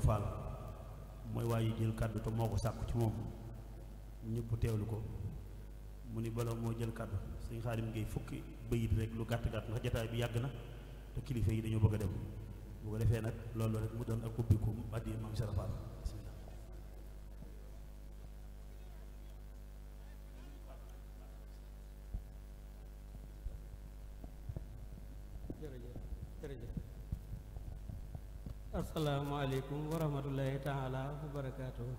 Ibrahima mooy waa ji jël kàddu te moo ko sàkku ci moom ñëpp teewlu ko mu ni bala moo jël kàddu sëñ Xaadim Géey fukki bayit rek lu gàtt gàtt ndax jataay bi yàgg na te kilifa yi dañoo bëgg a dem bu defee nag loolu rek mu doon ak ubbikum addi ma asalaamualeykum wa rahmatullahi taala wa barakaatuhu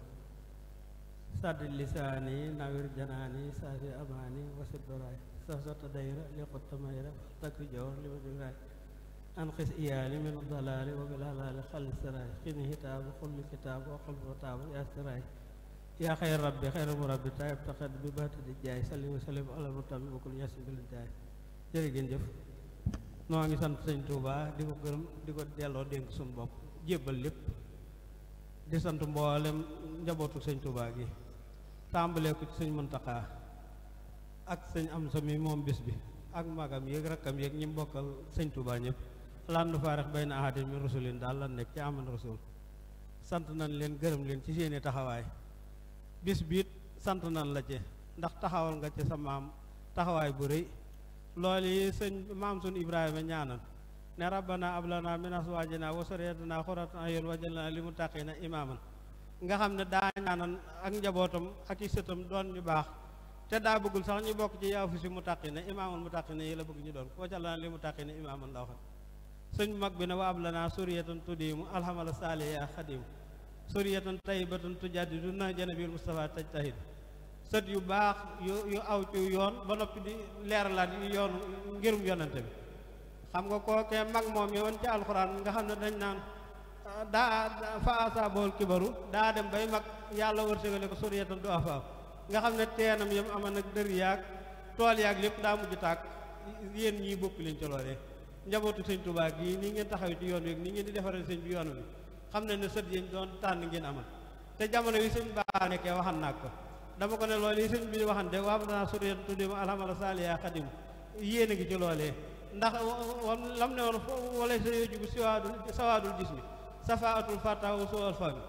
saddi lisaani nawir janaani saafi amaani wasit baraay safsata dayra li xutta mayra takku jawar li ma juraay an xis iyaali min dalaali wa bil halaali xalli siraay xini hitaabu xulli kitaabu wa xulli wataabu yaa siraay yaa xayr rabbi mu rabbi taayib taxat bi baata di jaay salim salim alal mu tamit bokkul ñaas mbil jaay jërë ngeen jëf noo ngi sant sëñ Tuubaa di ko gërëm di ko delloo dénk suñu jébbal lépp di sant mboolem njabootu sëñ Tuubaa gi tàmbalee ko ci sëñ Muntaxaa ak sëñ Amsa mi moom bis bi ak magam yéeg rakkam yéeg ñi mbokkal sëñ Tuubaa ñëpp lan nu faarax bay na ahadin min daal lan nekk ci aman rasul sant nañ leen gërëm leen ci seeni taxawaay bis biit sant nañ la ci ndax taxawal nga ci sa maam taxawaay bu rëy loolu yi sëñ maam sun Ibrahima ñaanal ne rabbana ablana min aswaajina wa suriyatina xurata ayun wajalna li muttaqina imaaman nga xam ne daa naa ak njabootam ak i sëtam doon ñu baax te daa bëggul sax ñu bokk ci yaafu si na imaaman muttaqina yi la bëgg ñu doon wajalna li muttaqina imaaman la waxoon sëñ mag bi ne wa ablana suriyatan tudiimu alhamala saaliya xadimu suriyatan tayyibatan tujaddidu na janabil mustafa tajtahid sët yu baax yu yu aw ci yoon ba noppi di leeralaat yu yoonu ngirum bi xam nga kookee mag moom yoon ci alxuraan nga xam ne dañ naan daa fa asaabool kibaru daa dem bay mag yàlla wërsëgale ko suryetal du afaaw nga xam ne teenam yam amoon ak dër yaag tool yaag lépp daa mujj tàkk yéen ñii bokk leen ci loolee njabootu sëñ Tuubaa gi nii ngeen taxaw ci yoon wi ni ngeen di defaral sëñ bi yoon wi xam ne ne sët yéen doon tànn ngeen amal te jamono yi sëñ baa nekkee waxan naa ko dama ko ne loolu yi sëñ bi waxan de waa danaa suryetal tuddima alhamala yéen a ngi ci ndax wam lam ne woon wala sa yoo jigu siwaadul sawaadul jismi safaatul fatahu suwal fami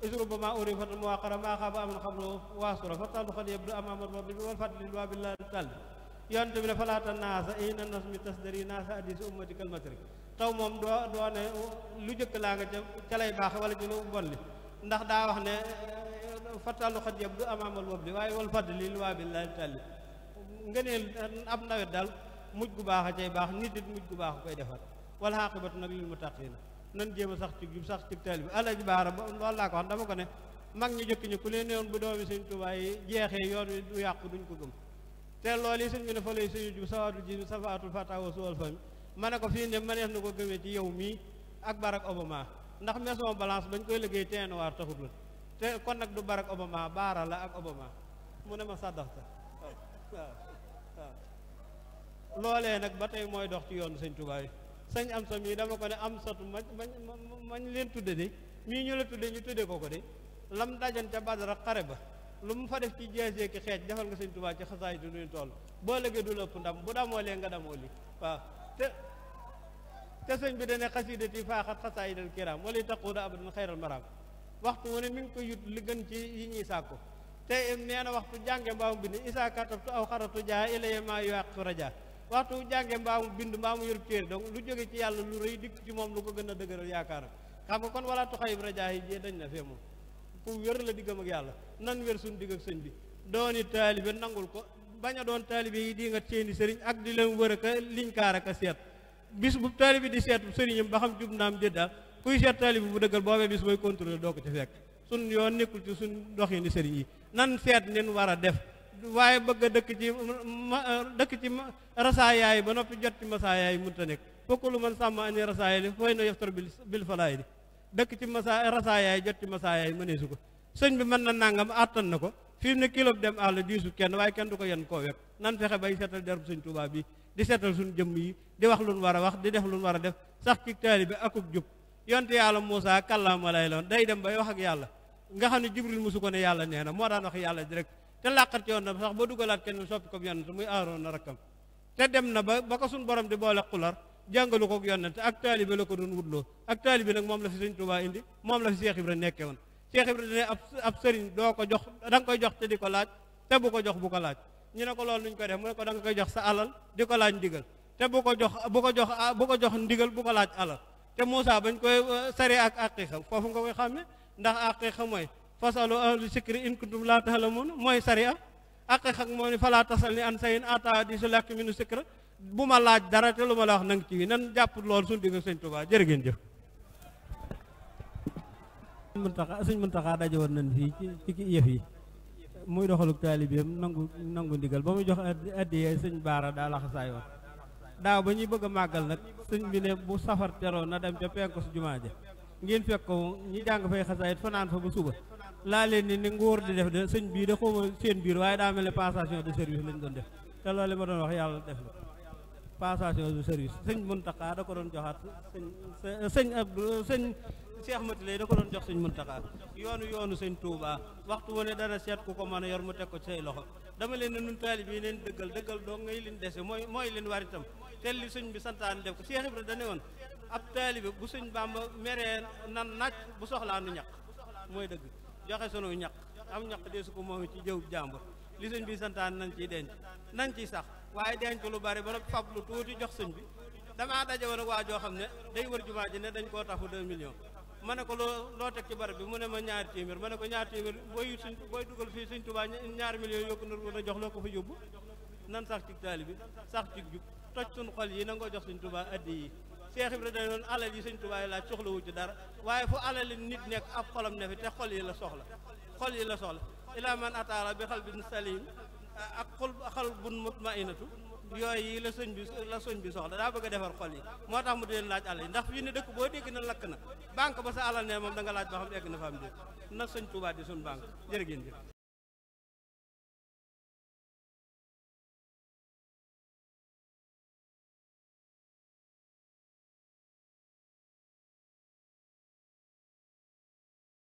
isru ba maa uri fata muwaqara maa xaaba aman xablo waasura fartalu xad yabdu amamat wa bi tal yonte bi ne falaata naasa ina nasmi tasdari naasa addisi ummati kalmatari lu jëkk laa nga ca ca lay baax wala ci lu li ndax daa wax ne fatalu xat yëpp du amaamal wob li waaye wal fadli li waa bi la tàlli ngëneel ab nawet daal mujj gu baax a cay baax nit it mujj gu baax a koy defal wala xaqibatu nag lil muttaqina nan jéem a sax ci jub sax ci taalibe bi alaji baara ba loolu laa ko wax dama ko ne mag ñi jëkk ñi ku leen newoon bu doomi sëñ Tuubaa yi jeexee yoon wi du yàqu duñ ko gëm te loolu yi sëñ bi ne fa lay sëñu jub sawaatul ji safaatul fatawa suwal fami ma ne ko fii ne mënees na ko gëmee ci yow mii ak Barack Obama ndax maison balance bañ koy liggéey teenwaar taxut la te kon nag du Barack Obama baara la ak Obama mu ne ma sàddaxta waaw waaw waaw loolee nag ba tey mooy dox ci yoonu sëñ Tuubaa yi sëñ am sa mii dama ko ne am satu mañ mañ leen tudd de mii ñu la tudde ñu tudde ko ko de lam dajan ca Badara xare ba lu mu fa def ci jeesee ki xeej defal nga sëñ Tuubaa ci xasaay du nuy toll boo légee du lëpp ndam bu damoo lee nga damoo li waa te te sëñ bi dane xasiidati faaxat xasaayidal kiraam wala taquuda abadan xayral maraam waxtu wu ne mi ngi ko yut li gën ci yi ñuy sàkku te nee na waxtu jànge mbaam bi ne isaa katabtu aw jaa ilaya maa waxtu jànge mbaa mu bind mbaa mu yor téere donc lu jóge ci yàlla lu rëy dikk ci moom lu ko gën a dëgëral yaakaar xam nga kon wala toxayib rajaa yi jee dañ na fee moom ku wér la diggam ak yàlla nan wér suñ digg ak sëñ bi dooni taalibe nangul ko bañ a doon taalibe yi di nga seeni sëriñ ak di leen wër aka liñ kaar aka seet bis bu taalibe di seet sëriñam ba xam jub naam déddaa kuy seet taalibe bu dëggal boobee bis mooy contrôle doo ko ci fekk sun yoon nekkul ci suñ doxini sëriñ yi nan seet nin war a def waaye bëgg a dëkk ci dëkk ci rasaayaay ba noppi jot ci masaayaay mënut a nekk fokk lu man sàmm ani rasaayaay li fooy na yeftor bil bil falaay li dëkk ci masa rasaayaay jot ci masaayaay mëneesu ko sëñ bi mën na nangam àttan na ko fii mu ne kilo dem àll diisu kenn waaye kenn du ko yen koo wekk nan fexe bay seetal derb sëñ Tuubaa bi di seetal suñu jëmm yi di wax lu nu war a wax di def lu war a def sax ci taalibe ak akub jub yonte yàlla Muusaa kàllaama lay loon day dem bay wax ak yàlla nga xam ne Jibril mosu ko ne yàlla nee na moo daan wax yàlla direct te làqat ci na sax ba dugalaat kenn soppi ko yonent muy aaroon na rakkam te dem na ba ba ko suñ borom di boole xular jàngalu ko yonent ak taalibe la ko doon wutloo ak taalibe nag moom la fi Sëriñ Tuubaa indi moom la fi Seex nekke woon Seex Ibra dane ab ab doo ko jox danga koy jox te di ko laaj te bu ko jox bu ko laaj ñu ne ko loolu nuñ koy def mu ne ko da nga koy jox sa alal di ko laaj ndigal te bu ko jox bu ko jox bu ko jox ndigal bu ko laaj alal te Muusaa bañ koy euh, sare ak aqiqa foofu nga koy xam ne ndax aqiqa mooy fasalu ahlu sikri in kuntum laa taalamuun mooy sariya ak xaq moo ni falaa tasal ni an sayin ata di su lekk minu sikra bu ma laaj dara te lu ma la wax nang ci wi nan jàpp lool suñu digg sëñ Tuubaa jërë ngeen jëf Muntaxa sëñ Muntaxa daje woon nañ fii ci yi muy doxaluk taalibeem nangu nangu ndigal ba muy jox addiyee sëñ Baara daa laxasaay woon daaw ba ñuy bëgg a màggal nag sëñ bi ne bu safar teroo na dem ca penku su jumaa ja ngeen fekk ko ñi jàng fay xasaayit fanaan fa ba suba laa leen ni ni nguur di def de sëñ bii da xawma seen biir waaye daa mel ne passation de service lañ doon def te loolu li ma doon wax yàlla def na passation de service sëñ Muntaxa da ko doon joxaat sëñ sëñ da ko doon jox sëñ Muntaxa yoonu yoonu sëñ Touba waxtu wu ne dana seet ku ko mën a yor mu teg ko ci say loxo dama leen ne nun taalib yi neen dëggal dëggal doo ngay leen dese mooy mooy leen war itam te li sëñ bi santaane def ko Cheikh Ibra dane woon ab taalibe bu sëñ Bàmba meree nan naaj bu soxlaa nu ñàkk mooy dëgg joxe sunu ñaq am ñaq dee su ko moom ci jëw jàmbur li sëñ bi santaan nañ ciy denc nañ ciy sax waaye denc lu bari ba noppi fab lu tuuti jox sëñ bi damaa daje woon ak waa joo xam ne day wër jumaa ne dañ koo tafu 2 millions ma ne ko loo loo teg ci barab bi mu ne ma ñaari téeméer ma ko ñaari téeméer booy suñ booy dugal fii suñ tubaa ñaari millions yokku na ko jox loo ko fa yóbbu nan sax ci taali bi sax ci jub toj suñ xol yi nangoo jox suñ tubaa addi yi Cheikh Ibra day doon alal yi sëñ Tuubaa laaj soxla wu ci dara waaye fu alali nit nekk ab xolam ne fi te xol yi la soxla xol yi la soxla ilaa man ataala bi xalbin salim ak xol xalbun mutmainatu yooyu yi la sëñ bi la sëñ bi soxla daa bëgg a defar xol yi moo tax mu di leen laaj alal yi ndax fii ne dëkk boo dégg na lakk na banque ba sa alal ne moom da nga laaj ba xam egg na fa am dé na sëñ Tuubaa di suñ banque jërëgéen jëf